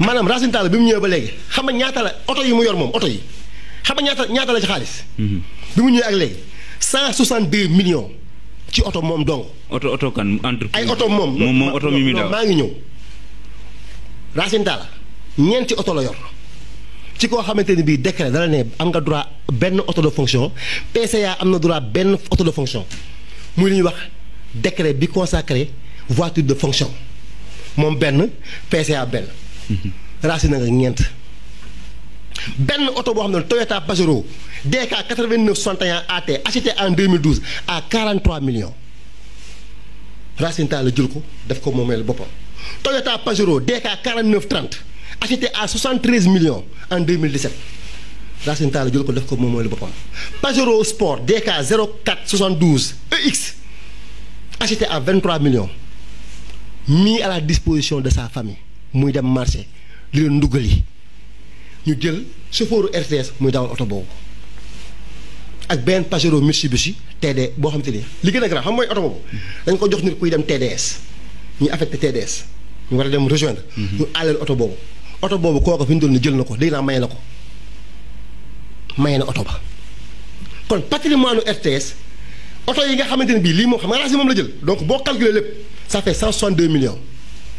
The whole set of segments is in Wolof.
maanaam Racine bi mu ñëwee ba léegi xam nga ñaata oto yi mu yor moom oto yi xam nga ñaata ñaata la ci xaalis. Mhm. bi mu ñëwee ak léegi 162 millions ci oto moom dong. oto oto kan entreprise ay oto moom. moom moom oto mi muy maa ngi ñëw. Racine ñeenti oto la yor ci koo xamante ni bii décret dala ne am nga droit benn oto de fonction PCA am na droit benn oto de fonction muy li ñuy wax décret bi consacré voiture de fonction moom benn PCA benn. Racine. na nga Ben Ben Toyota Pajero DK 89 61 AT acheté en 2012 à 43 millions Racine la jël ko def ko Toyota Pajero DK 49 30 acheté à 73 millions en 2017 Racine la jël ko def ko momel bopam. Pajero Sport DK 04 72 EX acheté à 23 millions mis à la disposition de sa famille. muy dem marché li leen ndugal yi ñu jël chauffeuru RTS muy dawal oto boobu ak benn Pajero Mitsubishi TD boo xam te ni li gën a grave xam mooy oto boobu dañ ko jox nit kuy dem TDS ñu affecté TDS ñu war a dem rejoindre. Mhm. ñu àllal oto boobu oto boobu kooku fi ñu doon ni jël na ko léegi naa maye na ko maye na oto ba kon patrimoine RTS oto yi nga xamante ne bii lii moom xam nga raas yi moom la jël donc boo calculer lépp ça fait 162 millions.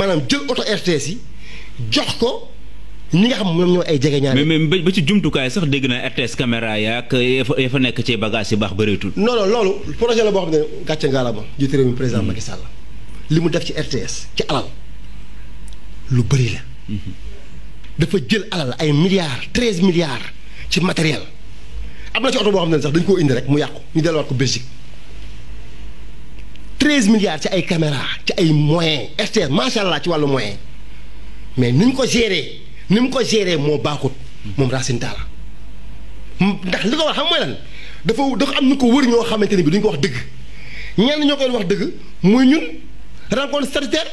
maanaam jël oto RTS yi jox ko ñi nga xam moom ñoo ay jegeñaale. mais mais ba ci jumtukaay sax dégg na RTS caméra ya ak ya fa nekk ci bagage yi baax bëreetul. non loolu projet la boo xam ne gàcce ngaalama jiite réew mi président Macky Sall li mu def ci RTS ci alal lu bëri la. dafa jël alal ay milliards treize milliards ci matériel am na ci oto boo xam ne sax dañ koo indi rek mu yàqu ñu delluwaat ko Belgique. treize milliards ci ay caméra ci ay moyen STR macha allah ci wàllu moyen mais ni ñu ko géré ni mu ko géré moo baaxut moom Racine Talla ndax li ko war xam mooy lan dafa dafa am ñu ko wër ñoo xamante ne bi duñ ko wax dëgg ñenn ñoo koy wax dëgg muy ñun rencontre statutaire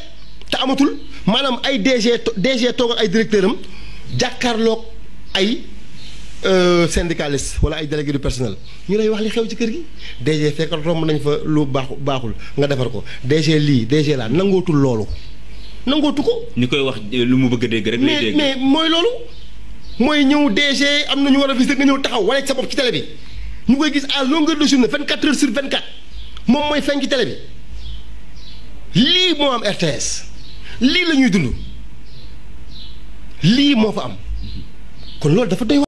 te amatul maanaam ay DG DG toog ay directeur am jàkkaarloog ay. Euh, syndicaliste wala ay délégué du personnel ñu lay wax li xew ci kër gi DG fekk romb nañ fa lu baax baaxul nga defar ko DG lii DG laa nangootul loolu nangootu ko. ni koy wax euh, lu mu bëgg a dégg rek. lay mooy loolu mooy ñëw DG am na ñu war nga ñëw taxaw wala sa bopp ci télé bi ñu koy gis à longueur de journée 24 heures sur 24 moom mooy feeñ ci télé bi lii moo am RTS lii la ñuy dund lii moo fa am kon loolu dafa doy